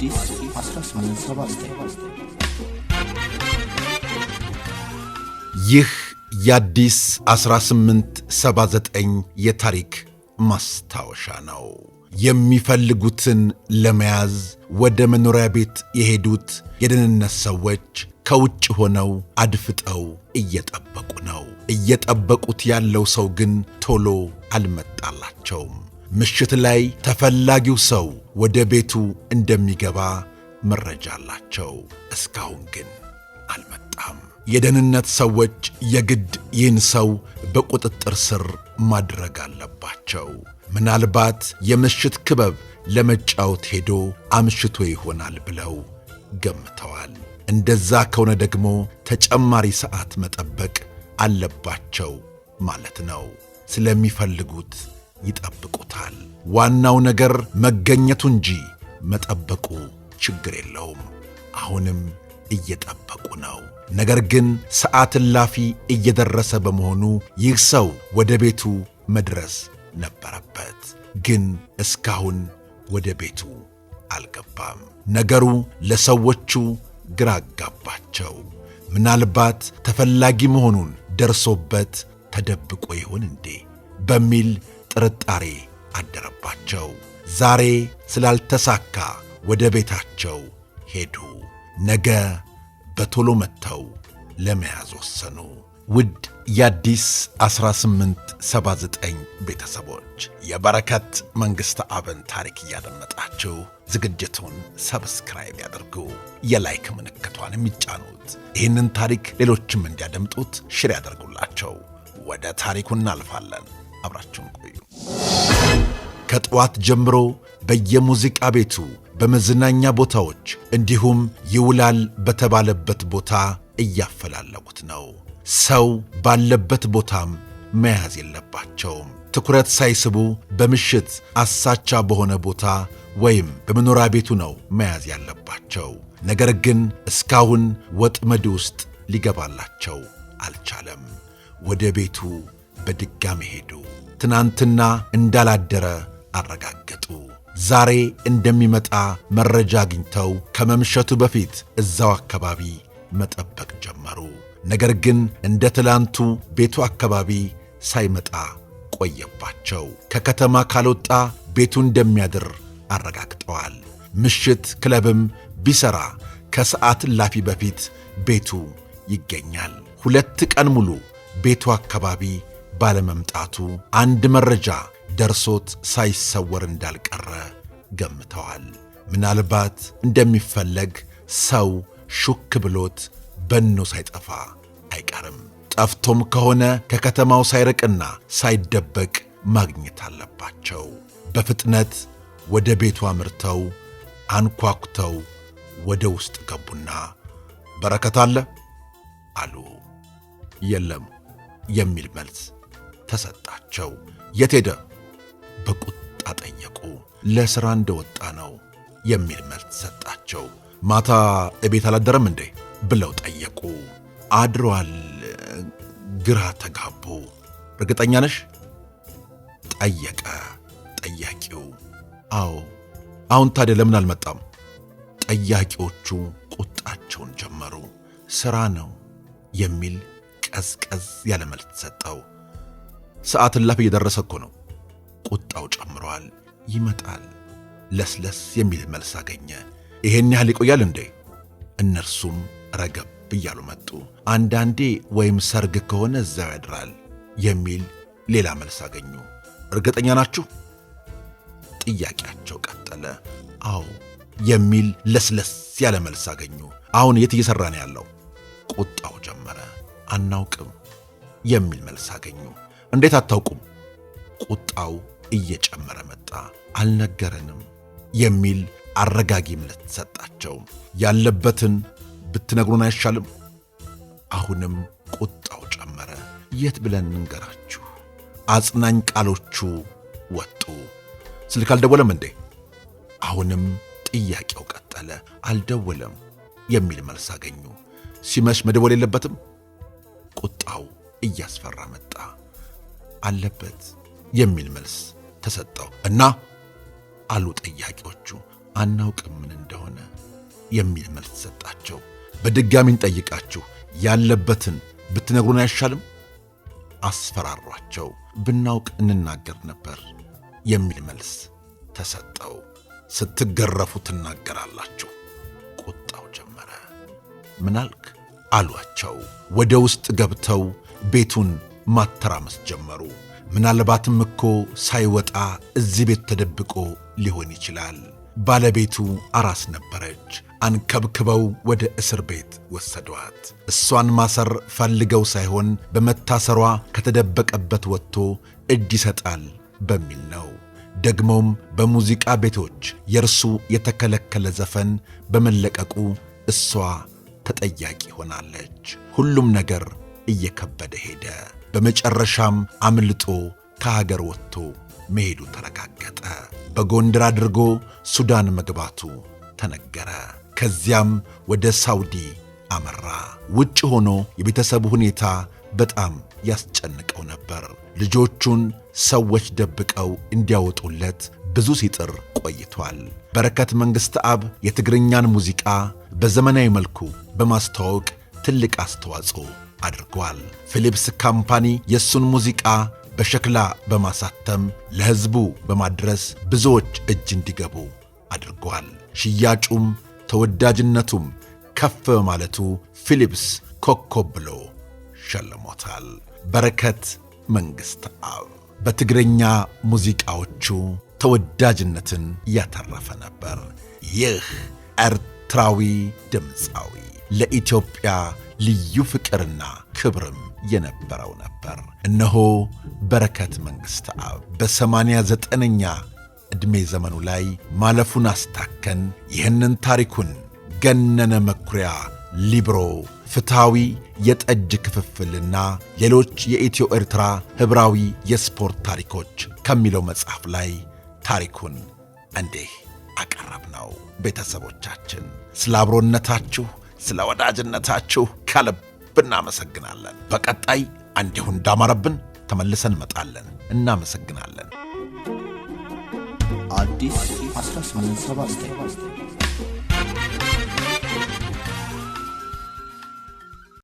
አዲስ 1879 ይህ የአዲስ 1879 የታሪክ ማስታወሻ ነው። የሚፈልጉትን ለመያዝ ወደ መኖሪያ ቤት የሄዱት የደህንነት ሰዎች ከውጭ ሆነው አድፍጠው እየጠበቁ ነው። እየጠበቁት ያለው ሰው ግን ቶሎ አልመጣላቸውም። ምሽት ላይ ተፈላጊው ሰው ወደ ቤቱ እንደሚገባ መረጃ አላቸው። እስካሁን ግን አልመጣም። የደህንነት ሰዎች የግድ ይህን ሰው በቁጥጥር ስር ማድረግ አለባቸው። ምናልባት የምሽት ክበብ ለመጫወት ሄዶ አምሽቶ ይሆናል ብለው ገምተዋል። እንደዛ ከሆነ ደግሞ ተጨማሪ ሰዓት መጠበቅ አለባቸው ማለት ነው ስለሚፈልጉት ይጠብቁታል። ዋናው ነገር መገኘቱ እንጂ መጠበቁ ችግር የለውም። አሁንም እየጠበቁ ነው። ነገር ግን ሰዓት እላፊ እየደረሰ በመሆኑ ይህ ሰው ወደ ቤቱ መድረስ ነበረበት፣ ግን እስካሁን ወደ ቤቱ አልገባም። ነገሩ ለሰዎቹ ግራ አጋባቸው። ምናልባት ተፈላጊ መሆኑን ደርሶበት ተደብቆ ይሆን እንዴ በሚል ጥርጣሬ አደረባቸው። ዛሬ ስላልተሳካ ወደ ቤታቸው ሄዱ። ነገ በቶሎ መጥተው ለመያዝ ወሰኑ። ውድ የአዲስ 1879 ቤተሰቦች የበረከት መንግሥተ አብን ታሪክ እያደመጣችሁ ዝግጅቱን ሰብስክራይብ ያድርጉ፣ የላይክ ምልክቷን የሚጫኑት ይህንን ታሪክ ሌሎችም እንዲያደምጡት ሽር ያደርጉላቸው። ወደ ታሪኩ እናልፋለን። አብራቸውን ቆዩ። ከጠዋት ጀምሮ በየሙዚቃ ቤቱ፣ በመዝናኛ ቦታዎች እንዲሁም ይውላል በተባለበት ቦታ እያፈላለጉት ነው። ሰው ባለበት ቦታም መያዝ የለባቸውም። ትኩረት ሳይስቡ በምሽት አሳቻ በሆነ ቦታ ወይም በመኖሪያ ቤቱ ነው መያዝ ያለባቸው። ነገር ግን እስካሁን ወጥመድ ውስጥ ሊገባላቸው አልቻለም። ወደ ቤቱ በድጋሚ ሄዱ። ትናንትና እንዳላደረ አረጋገጡ። ዛሬ እንደሚመጣ መረጃ አግኝተው ከመምሸቱ በፊት እዛው አካባቢ መጠበቅ ጀመሩ። ነገር ግን እንደ ትላንቱ ቤቱ አካባቢ ሳይመጣ ቆየባቸው። ከከተማ ካልወጣ ቤቱ እንደሚያድር አረጋግጠዋል። ምሽት ክለብም ቢሰራ ከሰዓት እላፊ በፊት ቤቱ ይገኛል። ሁለት ቀን ሙሉ ቤቱ አካባቢ ባለመምጣቱ አንድ መረጃ ደርሶት ሳይሰወር እንዳልቀረ ገምተዋል። ምናልባት እንደሚፈለግ ሰው ሹክ ብሎት በኖ ሳይጠፋ አይቀርም። ጠፍቶም ከሆነ ከከተማው ሳይርቅና ሳይደበቅ ማግኘት አለባቸው። በፍጥነት ወደ ቤቱ አምርተው አንኳኩተው ወደ ውስጥ ገቡና በረከት አለ አሉ። የለም የሚል መልስ ተሰጣቸው። የት ሄደ? በቁጣ ጠየቁ። ለሥራ እንደወጣ ነው የሚል መልስ ሰጣቸው። ማታ እቤት አላደረም እንዴ ብለው ጠየቁ። አድሯል። ግራ ተጋቡ። እርግጠኛ ነሽ? ጠየቀ ጠያቂው። አዎ። አሁን ታዲያ ለምን አልመጣም? ጠያቂዎቹ ቁጣቸውን ጀመሩ። ሥራ ነው የሚል ቀዝቀዝ ያለ መልስ ሰጠው። ሰዓት እላፍ እየደረሰ እኮ ነው። ቁጣው ጨምሯል። ይመጣል። ለስለስ የሚል መልስ አገኘ። ይሄን ያህል ይቆያል እንዴ? እነርሱም ረገብ እያሉ መጡ። አንዳንዴ ወይም ሰርግ ከሆነ እዛው ያድራል የሚል ሌላ መልስ አገኙ። እርግጠኛ ናችሁ? ጥያቄያቸው ቀጠለ። አዎ የሚል ለስለስ ያለ መልስ አገኙ። አሁን የት እየሠራ ነው ያለው? ቁጣው ጀመረ። አናውቅም የሚል መልስ አገኙ። እንዴት አታውቁም? ቁጣው እየጨመረ መጣ። አልነገረንም የሚል አረጋጊ ምለት ሰጣቸው። ያለበትን ብትነግሩን አይሻልም? አሁንም ቁጣው ጨመረ። የት ብለን እንገራችሁ? አጽናኝ ቃሎቹ ወጡ። ስልክ አልደወለም እንዴ? አሁንም ጥያቄው ቀጠለ። አልደወለም የሚል መልስ አገኙ። ሲመሽ መደወል የለበትም? ቁጣው እያስፈራ መጣ። አለበት የሚል መልስ ተሰጠው እና አሉ ጠያቂዎቹ አናውቅም ምን እንደሆነ የሚል መልስ ተሰጣቸው። በድጋሚን ጠይቃችሁ ያለበትን ብትነግሩን አይሻልም? አስፈራሯቸው። ብናውቅ እንናገር ነበር የሚል መልስ ተሰጠው። ስትገረፉ ትናገራላችሁ። ቁጣው ጀመረ። ምናልክ አሏቸው። ወደ ውስጥ ገብተው ቤቱን ማተራመስ ጀመሩ። ምናልባትም እኮ ሳይወጣ እዚህ ቤት ተደብቆ ሊሆን ይችላል። ባለቤቱ አራስ ነበረች። አንከብክበው ወደ እስር ቤት ወሰዷት። እሷን ማሰር ፈልገው ሳይሆን በመታሰሯ ከተደበቀበት ወጥቶ እጅ ይሰጣል በሚል ነው። ደግሞም በሙዚቃ ቤቶች የእርሱ የተከለከለ ዘፈን በመለቀቁ እሷ ተጠያቂ ሆናለች። ሁሉም ነገር እየከበደ ሄደ። በመጨረሻም አምልጦ ከሀገር ወጥቶ መሄዱ ተረጋገጠ። በጎንደር አድርጎ ሱዳን መግባቱ ተነገረ። ከዚያም ወደ ሳውዲ አመራ። ውጭ ሆኖ የቤተሰቡ ሁኔታ በጣም ያስጨንቀው ነበር። ልጆቹን ሰዎች ደብቀው እንዲያወጡለት ብዙ ሲጥር ቆይቷል። በረከት መንግሥት አብ የትግርኛን ሙዚቃ በዘመናዊ መልኩ በማስተዋወቅ ትልቅ አስተዋጽኦ አድርጓል። ፊሊፕስ ካምፓኒ የእሱን ሙዚቃ በሸክላ በማሳተም ለሕዝቡ በማድረስ ብዙዎች እጅ እንዲገቡ አድርጓል። ሽያጩም ተወዳጅነቱም ከፍ በማለቱ ፊሊፕስ ኮከብ ብሎ ሸልሞታል። በረከት መንግሥት አብ በትግረኛ ሙዚቃዎቹ ተወዳጅነትን እያተረፈ ነበር። ይህ ኤርትራዊ ድምፃዊ ለኢትዮጵያ ልዩ ፍቅርና ክብርም የነበረው ነበር። እነሆ በረከት መንግሥተ አብ በሰማንያ ዘጠነኛ ዕድሜ ዘመኑ ላይ ማለፉን አስታከን ይህንን ታሪኩን ገነነ መኩሪያ ሊብሮ ፍትሐዊ የጠጅ ክፍፍልና ሌሎች የኢትዮ ኤርትራ ኅብራዊ የስፖርት ታሪኮች ከሚለው መጽሐፍ ላይ ታሪኩን እንዲህ አቀረብ ነው። ቤተሰቦቻችን ስለ አብሮነታችሁ ስለ ወዳጅነታችሁ ከልብ እናመሰግናለን። በቀጣይ እንዲሁ እንዳማረብን ተመልሰን እንመጣለን። እናመሰግናለን። አዲስ 1879